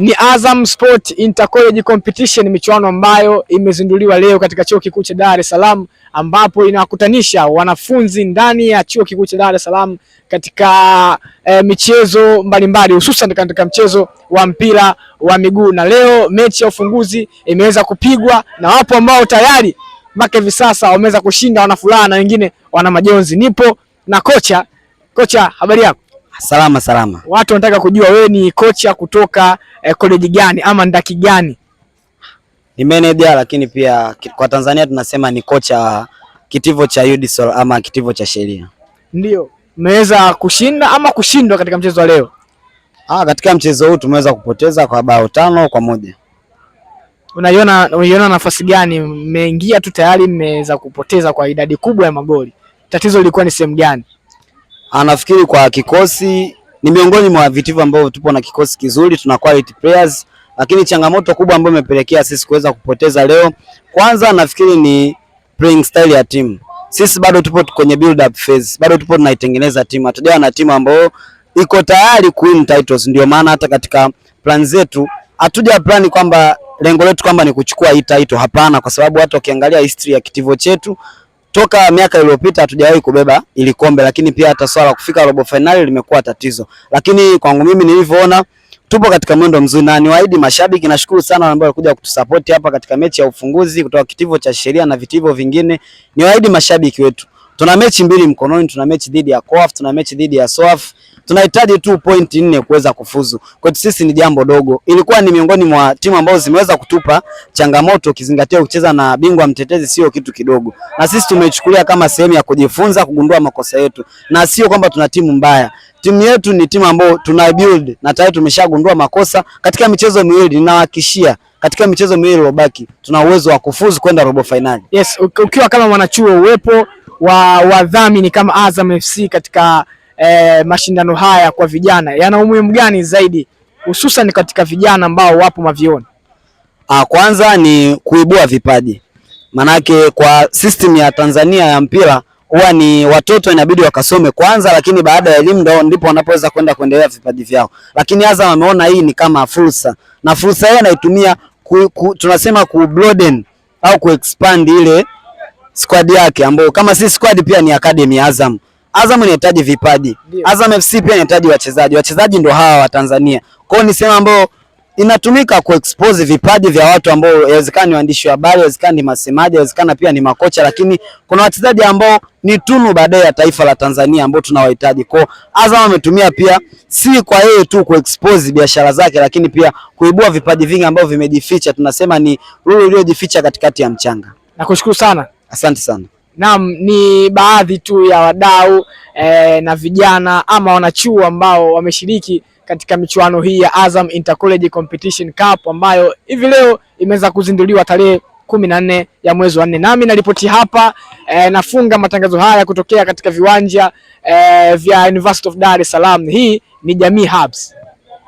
ni Azam Sport Intercollege Competition, michuano ambayo imezinduliwa leo katika Chuo Kikuu cha Dar es Salaam, ambapo inawakutanisha wanafunzi ndani ya Chuo Kikuu cha Dar es Salaam katika e, michezo mbalimbali hususan katika mchezo wa mpira wa miguu, na leo mechi ya ufunguzi imeweza kupigwa na wapo ambao tayari mpaka hivi sasa wameweza kushinda, wana furaha na wengine wana majonzi. Nipo na kocha. Kocha, habari yako? Salama salama. Watu wanataka kujua wewe ni kocha kutoka eh, college gani ama ndaki gani? Ni manager lakini pia kwa Tanzania tunasema ni kocha kitivo cha UDSL ama kitivo cha sheria. Ndio. Mmeweza kushinda ama kushindwa katika mchezo wa leo? Ah, katika mchezo huu tumeweza kupoteza kwa bao tano kwa moja. Unaiona unaiona nafasi gani? Mmeingia tu tayari mmeweza kupoteza kwa idadi kubwa ya magoli. Tatizo lilikuwa ni sehemu gani? Anafikiri kwa kikosi ni miongoni mwa vitivo ambavyo tupo na kikosi kizuri, tuna quality players, lakini changamoto kubwa ambayo imepelekea sisi kuweza kupoteza leo, kwanza nafikiri ni playing style ya timu. Sisi bado tupo kwenye build up phase, bado tupo tunaitengeneza timu, hatujawa na timu ambayo iko tayari kuwin titles. Ndio maana hata katika plan zetu hatuja plan kwamba lengo letu kwamba ni kuchukua hii title, hapana, kwa sababu hata ukiangalia history ya kitivo chetu toka miaka iliyopita hatujawahi kubeba ili kombe, lakini pia hata swala kufika robo finali limekuwa tatizo, lakini kwangu mimi nilivyoona tupo katika mwendo mzuri na niwaahidi mashabiki, nashukuru sana ambao walikuja kutusapoti hapa katika mechi ya ufunguzi kutoka kitivo cha sheria na vitivo vingine. Niwaahidi mashabiki wetu Tuna mechi mbili mkononi, tuna mechi dhidi ya COAF, tuna mechi dhidi ya SOAF. Tunahitaji tu point nne kuweza kufuzu. Kwetu sisi ni jambo dogo. Ilikuwa ni miongoni mwa timu ambazo zimeweza kutupa changamoto, kizingatia kucheza na bingwa mtetezi sio kitu kidogo, na sisi tumechukulia kama sehemu ya kujifunza, kugundua makosa yetu, na sio kwamba tuna timu mbaya. Timu yetu ni timu ambayo tuna build na tayari tumeshagundua makosa katika michezo miwili, ninawahakikishia katika michezo miwili iliyobaki tuna uwezo wa kufuzu kwenda robo finali. Yes, ukiwa kama mwanachuo uwepo wa wadhamini kama Azam FC katika eh, mashindano haya kwa vijana yana umuhimu gani zaidi hususan katika vijana ambao wapo mavioni? Ah, kwanza ni kuibua vipaji, manake kwa system ya Tanzania ya mpira huwa ni watoto inabidi wakasome kwanza, lakini baada ya elimu ndio ndipo wanapoweza kwenda kuendelea vipaji vyao. Lakini Azam ameona hii ni kama fursa, na fursa hiyo anaitumia ku, ku, tunasema ku broaden au ku expand ile squad yake ambayo kama si squad pia ni academy ya Azam. Azam inahitaji vipaji. Azam FC pia inahitaji wachezaji. Wachezaji ndio hawa wa Tanzania. Kwa hiyo ni sema ambayo inatumika ku expose vipaji vya watu ambao inawezekana ni waandishi wa habari, inawezekana ni masemaji, inawezekana pia ni makocha, lakini kuna wachezaji ambao ni tunu baadaye ya taifa la Tanzania ambao tunawahitaji. Kwa Azam ametumia pia si kwa yeye tu ku expose biashara zake, lakini pia kuibua vipaji vingi ambavyo vimejificha. Tunasema ni lulu iliyojificha katikati ya mchanga. Nakushukuru sana. Asante sana. Naam, ni baadhi tu ya wadau eh, na vijana ama wanachuo ambao wameshiriki katika michuano hii ya Azam Intercollege Competition Cup ambayo hivi leo imeweza kuzinduliwa tarehe kumi na nne ya mwezi wa nne. Nami naripoti hapa eh, nafunga matangazo haya kutokea katika viwanja eh, vya University of Dar es Salaam. Hii ni Jamii Hubs.